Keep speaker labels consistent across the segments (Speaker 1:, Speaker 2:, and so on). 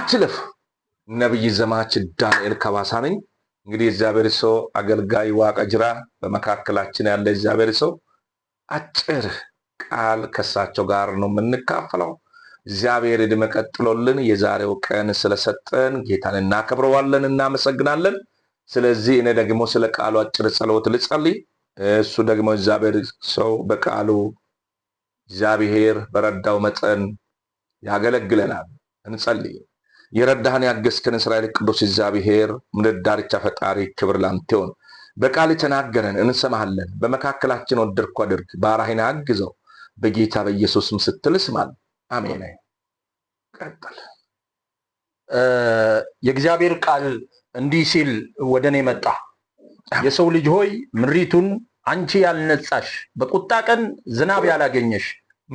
Speaker 1: አትለፍ። ነብይ ዘማች ዳንኤል ከባሳ ነኝ። እንግዲህ እግዚአብሔር ሰው አገልጋይ ዋቀጅራ በመካከላችን ያለ እግዚአብሔር ሰው አጭር ቃል ከሳቸው ጋር ነው የምንካፈለው። እግዚአብሔር ዕድሜ ቀጥሎልን የዛሬው ቀን ስለሰጠን ጌታን እናከብረዋለን፣ እናመሰግናለን። ስለዚህ እኔ ደግሞ ስለ ቃሉ አጭር ጸሎት ልጸልይ። እሱ ደግሞ እግዚአብሔር ሰው በቃሉ እግዚአብሔር በረዳው መጠን ያገለግለናል። እንጸልይ። የረዳህን ያገዝከን እስራኤል ቅዱስ እግዚአብሔር ምድር ዳርቻ ፈጣሪ ክብር ላንተ ይሁን። በቃል የተናገረን እንሰማሃለን። በመካከላችን ወደርኩ አድርግ፣ ባራህን አግዘው በጌታ በኢየሱስ ምስትል ስማል። አሜን። ቀጥል። የእግዚአብሔር ቃል እንዲህ ሲል ወደ እኔ መጣ። የሰው ልጅ ሆይ ምድሪቱን አንቺ ያልነጻሽ፣ በቁጣ ቀን ዝናብ ያላገኘሽ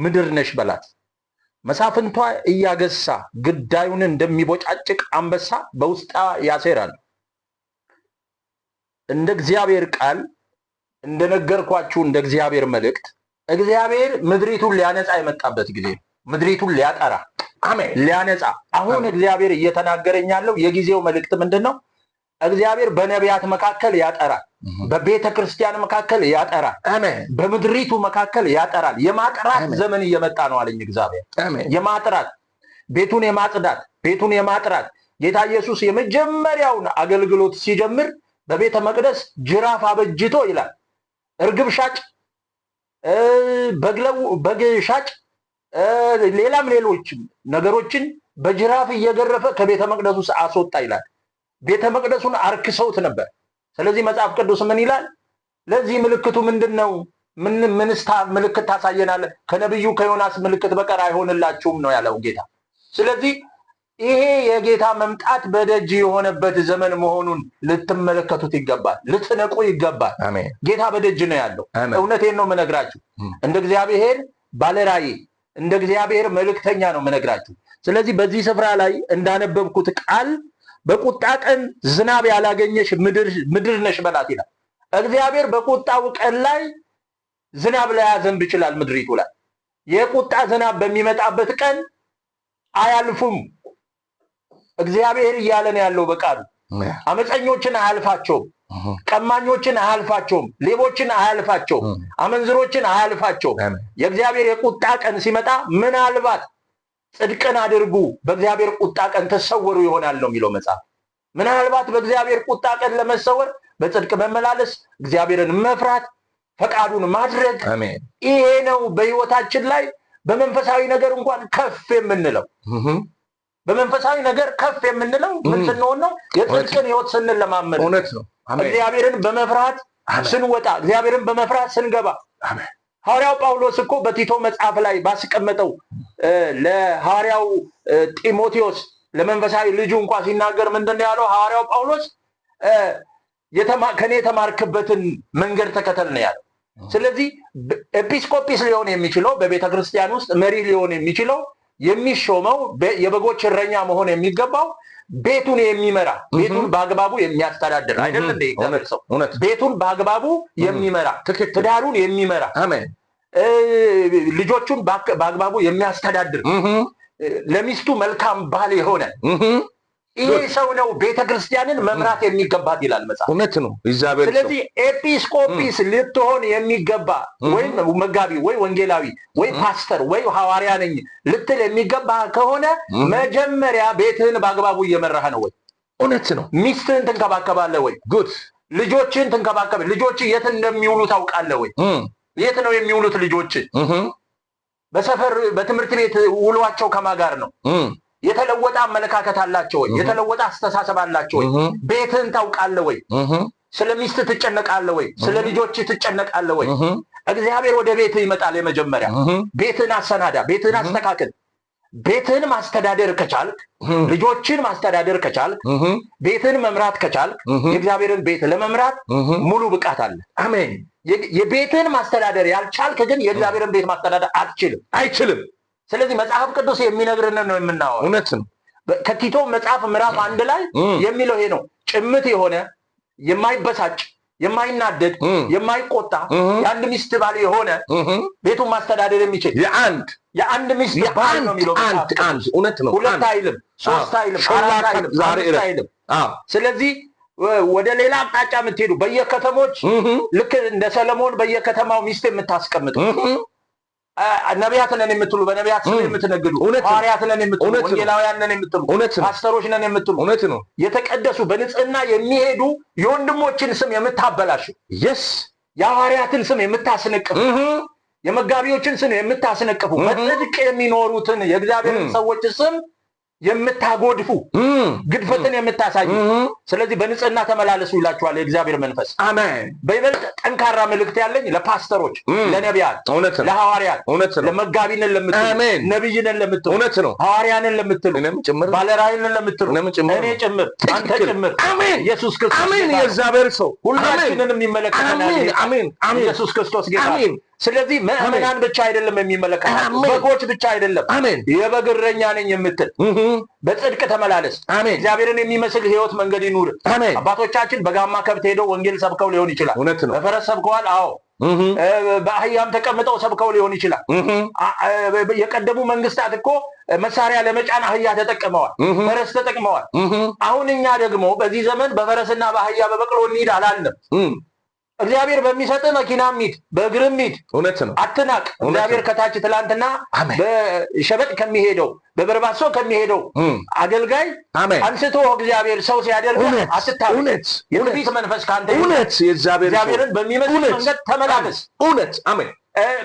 Speaker 1: ምድር ነሽ በላት። መሳፍንቷ እያገሳ ግዳዩን እንደሚቦጫጭቅ አንበሳ በውስጣ ያሴራል። እንደ እግዚአብሔር ቃል እንደነገርኳችሁ እንደ እግዚአብሔር መልእክት እግዚአብሔር ምድሪቱን ሊያነጻ የመጣበት ጊዜ ምድሪቱን ሊያጠራ አሜን፣ ሊያነጻ አሁን እግዚአብሔር እየተናገረኝ ያለው የጊዜው መልእክት ምንድን ነው? እግዚአብሔር በነቢያት መካከል ያጠራል፣ በቤተ ክርስቲያን መካከል ያጠራል፣ በምድሪቱ መካከል ያጠራል። የማጥራት ዘመን እየመጣ ነው አለኝ እግዚአብሔር። የማጥራት ቤቱን የማጽዳት ቤቱን የማጥራት ጌታ ኢየሱስ የመጀመሪያውን አገልግሎት ሲጀምር በቤተ መቅደስ ጅራፍ አበጅቶ ይላል። እርግብ ሻጭ፣ በግ ሻጭ፣ ሌላም ሌሎችም ነገሮችን በጅራፍ እየገረፈ ከቤተ መቅደስ ውስጥ አስወጣ ይላል። ቤተ መቅደሱን አርክሰውት ነበር። ስለዚህ መጽሐፍ ቅዱስ ምን ይላል? ለዚህ ምልክቱ ምንድን ነው? ምንስታ ምልክት ታሳየናለህ? ከነቢዩ ከዮናስ ምልክት በቀር አይሆንላችሁም ነው ያለው ጌታ። ስለዚህ ይሄ የጌታ መምጣት በደጅ የሆነበት ዘመን መሆኑን ልትመለከቱት ይገባል፣ ልትነቁ ይገባል። ጌታ በደጅ ነው ያለው። እውነቴን ነው የምነግራችሁ። እንደ እግዚአብሔር ባለራእይ እንደ እግዚአብሔር መልእክተኛ ነው የምነግራችሁ። ስለዚህ በዚህ ስፍራ ላይ እንዳነበብኩት ቃል በቁጣ ቀን ዝናብ ያላገኘሽ ምድር ነሽ በላት ይላል። እግዚአብሔር በቁጣው ቀን ላይ ዝናብ ላያዘንብ ይችላል ምድሪቱ ላይ። የቁጣ ዝናብ በሚመጣበት ቀን አያልፉም። እግዚአብሔር እያለን ያለው በቃሉ። አመፀኞችን አያልፋቸውም፣ ቀማኞችን አያልፋቸውም፣ ሌቦችን አያልፋቸውም፣ አመንዝሮችን አያልፋቸውም። የእግዚአብሔር የቁጣ ቀን ሲመጣ ምናልባት ጽድቅን አድርጉ በእግዚአብሔር ቁጣ ቀን ተሰወሩ ይሆናል ነው የሚለው መጽሐፍ። ምናልባት በእግዚአብሔር ቁጣ ቀን ለመሰወር በጽድቅ መመላለስ፣ እግዚአብሔርን መፍራት፣ ፈቃዱን ማድረግ ይሄ ነው በህይወታችን ላይ በመንፈሳዊ ነገር እንኳን ከፍ የምንለው በመንፈሳዊ ነገር ከፍ የምንለው ምን ስንሆን ነው? የጽድቅን ህይወት ስንለማመድ እግዚአብሔርን በመፍራት ስንወጣ፣ እግዚአብሔርን በመፍራት ስንገባ ሐዋርያው ጳውሎስ እኮ በቲቶ መጽሐፍ ላይ ባስቀመጠው ለሐዋርያው ጢሞቴዎስ ለመንፈሳዊ ልጁ እንኳ ሲናገር ምንድን ነው ያለው? ሐዋርያው ጳውሎስ ከኔ የተማርክበትን መንገድ ተከተል ነው ያለው። ስለዚህ ኤጲስቆጲስ ሊሆን የሚችለው በቤተ ክርስቲያን ውስጥ መሪ ሊሆን የሚችለው የሚሾመው የበጎች እረኛ መሆን የሚገባው ቤቱን የሚመራ ቤቱን በአግባቡ የሚያስተዳድር አይደል እንደ እግዚአብሔር ሰው ቤቱን በአግባቡ የሚመራ ትዳሩን የሚመራ ልጆቹን በአግባቡ የሚያስተዳድር ለሚስቱ መልካም ባል የሆነ ይሄ ሰው ነው ቤተ ክርስቲያንን መምራት የሚገባት ይላል መጽሐፍ። እውነት ነው ኢዛቤል። ስለዚህ ኤጲስቆጲስ ልትሆን የሚገባ ወይም መጋቢ ወይ ወንጌላዊ ወይ ፓስተር ወይ ሐዋርያ ነኝ ልትል የሚገባ ከሆነ መጀመሪያ ቤትህን በአግባቡ እየመራህ ነው ወይ? እውነት ነው። ሚስትህን ትንከባከባለህ ወይ? ጉድ። ልጆችን ትንከባከብ። ልጆች የት እንደሚውሉ ታውቃለህ ወይ? የት ነው የሚውሉት ልጆች? በሰፈር በትምህርት ቤት ውሏቸው ከማጋር ነው የተለወጠ አመለካከት አላቸው ወይ? የተለወጠ አስተሳሰብ አላቸው ወይ? ቤትህን ታውቃለህ ወይ? ስለ ሚስት ትጨነቃለህ ወይ? ስለ ልጆች ትጨነቃለህ ወይ? እግዚአብሔር ወደ ቤትህ ይመጣል። የመጀመሪያ ቤትህን አሰናዳ፣ ቤትህን አስተካክል። ቤትህን ማስተዳደር ከቻልክ፣ ልጆችን ማስተዳደር ከቻልክ፣ ቤትህን መምራት ከቻልክ፣ የእግዚአብሔርን ቤት ለመምራት ሙሉ ብቃት አለ። አሜን። የቤትህን ማስተዳደር ያልቻልክ ግን የእግዚአብሔርን ቤት ማስተዳደር አትችልም፣ አይችልም። ስለዚህ መጽሐፍ ቅዱስ የሚነግርን ነው የምናወራው። እውነት ነው። ከቲቶ መጽሐፍ ምዕራፍ አንድ ላይ የሚለው ይሄ ነው። ጭምት የሆነ የማይበሳጭ የማይናደድ የማይቆጣ የአንድ ሚስት ባል የሆነ ቤቱን ማስተዳደር የሚችል የአንድ የአንድ ሚስት ባል ነው የሚለው አንድ እውነት ነው። ሁለት አይልም፣ ሶስት አይልም፣ አራት አይልም፣ አምስት አይልም። ስለዚህ ወደ ሌላ አቅጣጫ የምትሄዱ በየከተሞች ልክ እንደ ሰለሞን በየከተማው ሚስት የምታስቀምጡ ነቢያት ነን የምትሉ በነቢያት ስም የምትነግዱ ሐዋርያት ነን የምትሉ ወንጌላውያን ነን የምትሉ ፓስተሮች ነን የምትሉ እውነት ነው። የተቀደሱ በንጽህና የሚሄዱ የወንድሞችን ስም የምታበላሹ የስ የሐዋርያትን ስም የምታስነቅፉ የመጋቢዎችን ስም የምታስነቅፉ በጽድቅ የሚኖሩትን የእግዚአብሔርን ሰዎች ስም የምታጎድፉ ግድፈትን የምታሳዩ ስለዚህ በንጽህና ተመላለሱ ይላችኋል የእግዚአብሔር መንፈስ። አሜን። በይበልጥ ጠንካራ መልእክት ያለኝ ለፓስተሮች፣ ለነቢያት፣ ለሐዋርያት፣ ለመጋቢንን ለምትሉ፣ ነቢይንን ለምትሉ፣ እውነት ነው ሐዋርያንን ለምትሉ፣ ባለራዕይንን ለምትሉ፣ እኔ ጭምር፣ አንተ ጭምር ኢየሱስ ክርስቶስ አሜን። የእግዚአብሔር ሰው ሁላችንንም ይመለከተናል። ኢየሱስ ክርስቶስ ጌታ ስለዚህ ምዕመናን ብቻ አይደለም የሚመለከት በጎች ብቻ አይደለም። የበግ እረኛ ነኝ የምትል በጽድቅ ተመላለስ፣ እግዚአብሔርን የሚመስል ህይወት መንገድ ይኑር። አባቶቻችን በጋማ ከብት ሄደው ወንጌል ሰብከው ሊሆን ይችላል። በፈረስ ሰብከዋል። አዎ በአህያም ተቀምጠው ሰብከው ሊሆን ይችላል። የቀደሙ መንግስታት እኮ መሳሪያ ለመጫን አህያ ተጠቅመዋል፣ ፈረስ ተጠቅመዋል። አሁን እኛ ደግሞ በዚህ ዘመን በፈረስና በአህያ በበቅሎ እንሂድ አላለም። እግዚአብሔር በሚሰጥ መኪና ሚድ በእግር ሚድ እውነት ነው፣ አትናቅ። እግዚአብሔር ከታች ትላንትና በሸበጥ ከሚሄደው በበርባሶ ከሚሄደው አገልጋይ አንስቶ እግዚአብሔር ሰው ሲያደርግ አስታ የትዕቢት መንፈስ ከአንተ ይሁን። እግዚአብሔርን በሚመስል መንገድ ተመላለስ። እውነት አሜን።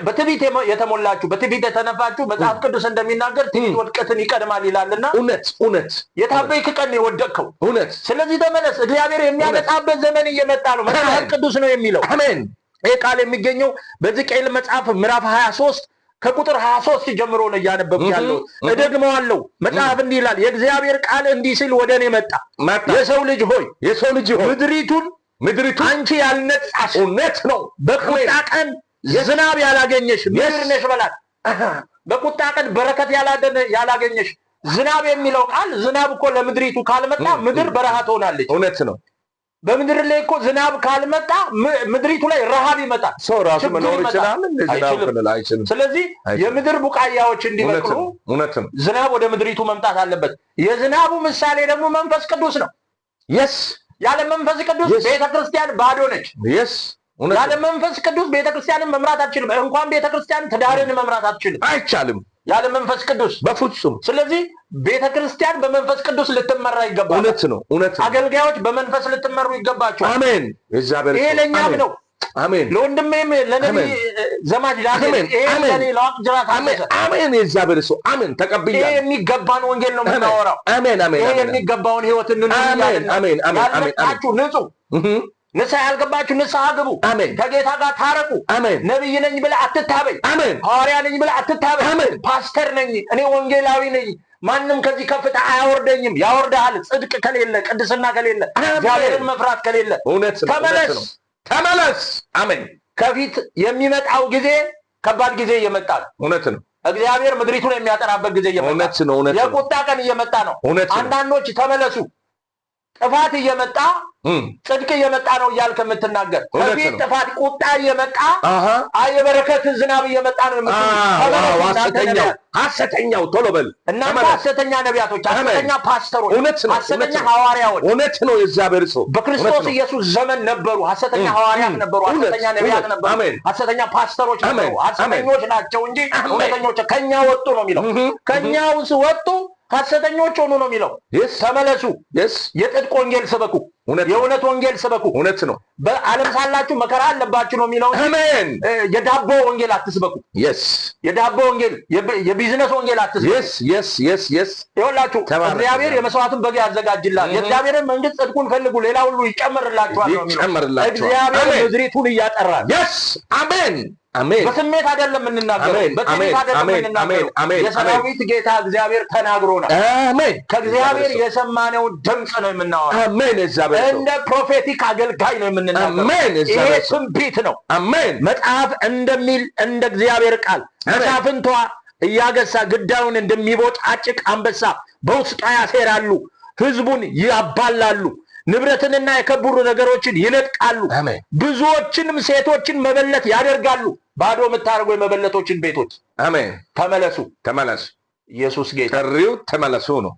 Speaker 1: በትቢት የተሞላችሁ በትቢት የተነፋችሁ መጽሐፍ ቅዱስ እንደሚናገር ትቢት ወድቀትን ይቀድማል ይላልና፣ እውነት እውነት የታበይክ ቀን የወደቅከው እውነት። ስለዚህ ተመለስ፣ እግዚአብሔር የሚያመጣበት ዘመን እየመጣ ነው። መጽሐፍ ቅዱስ ነው የሚለው። አሜን። ይህ ቃል የሚገኘው በሕዝቅኤል መጽሐፍ ምዕራፍ ሀያ ሶስት ከቁጥር ሀያ ሶስት ጀምሮ ነው እያነበብ ያለው። እደግመዋለው መጽሐፍ እንዲህ ይላል፣ የእግዚአብሔር ቃል እንዲህ ሲል ወደ እኔ መጣ። የሰው ልጅ ሆይ የሰው ልጅ ሆይ ምድሪቱን ምድሪቱ አንቺ ያልነጻሽ እውነት ነው በቁጣ ቀን ዝናብ ያላገኘሽ ምድር ነሽ በላት። በቁጣ ቀን በረከት ያላገኘሽ ዝናብ የሚለው ቃል ዝናብ እኮ ለምድሪቱ ካልመጣ ምድር በረሃ ትሆናለች። እውነት ነው። በምድር ላይ እኮ ዝናብ ካልመጣ ምድሪቱ ላይ ረሃብ ይመጣል። ሰው ራሱ መኖር ይችላል። ስለዚህ የምድር ቡቃያዎች እንዲበቅሉ ዝናብ ወደ ምድሪቱ መምጣት አለበት። የዝናቡ ምሳሌ ደግሞ መንፈስ ቅዱስ ነው። የስ ያለ መንፈስ ቅዱስ ቤተክርስቲያን ባዶ ነች። የስ ያለ መንፈስ ቅዱስ ቤተክርስቲያንን መምራት አትችልም። እንኳን ቤተክርስቲያን ትዳርን መምራት አትችልም፣ አይቻልም ያለ መንፈስ ቅዱስ በፍጹም። ስለዚህ ቤተክርስቲያን በመንፈስ ቅዱስ ልትመራ ይገባል። እውነት ነው፣ እውነት ነው። አገልጋዮች በመንፈስ ልትመሩ ይገባቸዋል። አሜን። ይሄ ለእኛም ነው። አሜን። ለወንድሜም ለነቢ ዘማጅ አሜን። የእግዚአብሔር ሰው አሜን። ተቀብያለሁ። ይሄ የሚገባን ወንጌል ነው የምናወራው። አሜን፣ አሜን። ይሄ የሚገባውን ህይወት እንኑር። አሜን፣ አሜን፣ አሜን። ንጹህ ንስሐ ያልገባችሁ ንስሐ ግቡ። አሜን። ከጌታ ጋር ታረቁ። አሜን። ነቢይ ነኝ ብለ አትታበይ። አሜን። ሐዋርያ ነኝ ብለ አትታበይ። አሜን። ፓስተር ነኝ እኔ ወንጌላዊ ነኝ ማንም ከዚህ ከፍታ አያወርደኝም። ያወርዳል ጽድቅ ከሌለ፣ ቅድስና ከሌለ፣ እግዚአብሔርን መፍራት ከሌለ እውነት ተመለስ፣ ተመለስ። አሜን። ከፊት የሚመጣው ጊዜ ከባድ ጊዜ እየመጣ ነው። እውነት ነው። እግዚአብሔር ምድሪቱን የሚያጠራበት ጊዜ እየመጣ ነው። የቁጣ ቀን እየመጣ ነው። አንዳንዶች ተመለሱ ጥፋት እየመጣ ጽድቅ እየመጣ ነው እያልክ የምትናገር ከፊት ጥፋት ቁጣ እየመጣ የበረከት ዝናብ እየመጣ ነው የምትናገር። ሐሰተኛው ቶሎ በል እና ሐሰተኛ ነቢያቶች፣ ሐሰተኛ ፓስተሮች፣ ሐሰተኛ ሐዋርያዎች እውነት ነው የእግዚአብሔር ሰው በክርስቶስ ኢየሱስ ዘመን ነበሩ። ሐሰተኛ ሐዋርያት ነበሩ፣ ሐሰተኛ ነቢያት ነበሩ፣ ሐሰተኛ ፓስተሮች ነበሩ። ሐሰተኞች ናቸው እንጂ እውነተኞች ከእኛ ወጡ ነው የሚለው ከእኛውስ ወጡ ሐሰተኞች ሆኑ ነው የሚለው። ተመለሱ፣ የጥድቅ ወንጌል ስበኩ የእውነት ወንጌል ስበኩ። እውነት ነው። በዓለም ሳላችሁ መከራ አለባችሁ ነው የሚለው። አሜን። የዳቦ ወንጌል አትስበኩ። የስ የዳቦ ወንጌል፣ የቢዝነስ ወንጌል አትስበኩ። የስ የስ የስ ይኸውላችሁ እግዚአብሔር የመስዋዕቱን በግ ያዘጋጅላል። የእግዚአብሔርን መንግስት ጽድቁን ፈልጉ፣ ሌላ ሁሉ ይጨመርላችኋል ነው የሚለው። እግዚአብሔር ምድሪቱን እያጠራል። የስ አሜን። አሜን። በስሜት አይደለም የምንናገረው፣ በትንቢት አይደለም የምንናገረው። የሰራዊት ጌታ እግዚአብሔር ተናግሮናል። አሜን። ከእግዚአብሔር የሰማነውን ድምፅ ነው የምናወራው። አሜን። እንደ ፕሮፌቲክ አገልጋይ ነው የምንናገረው። ይሄ ትንቢት ነው። አሜን። መጽሐፍ እንደሚል እንደ እግዚአብሔር ቃል መሳፍንቷ እያገሳ ግዳዩን አጭቅ አንበሳ በውስጧ ያሴራሉ፣ ህዝቡን ያባላሉ፣ ንብረትንና የከበሩ ነገሮችን ይነጥቃሉ፣ ብዙዎችንም ሴቶችን መበለት ያደርጋሉ። ባዶ የምታደርጉ የመበለቶችን ቤቶች አሜን። ተመለሱ፣ ተመለሱ። ኢየሱስ ጌታ ጥሪው ተመለሱ ነው።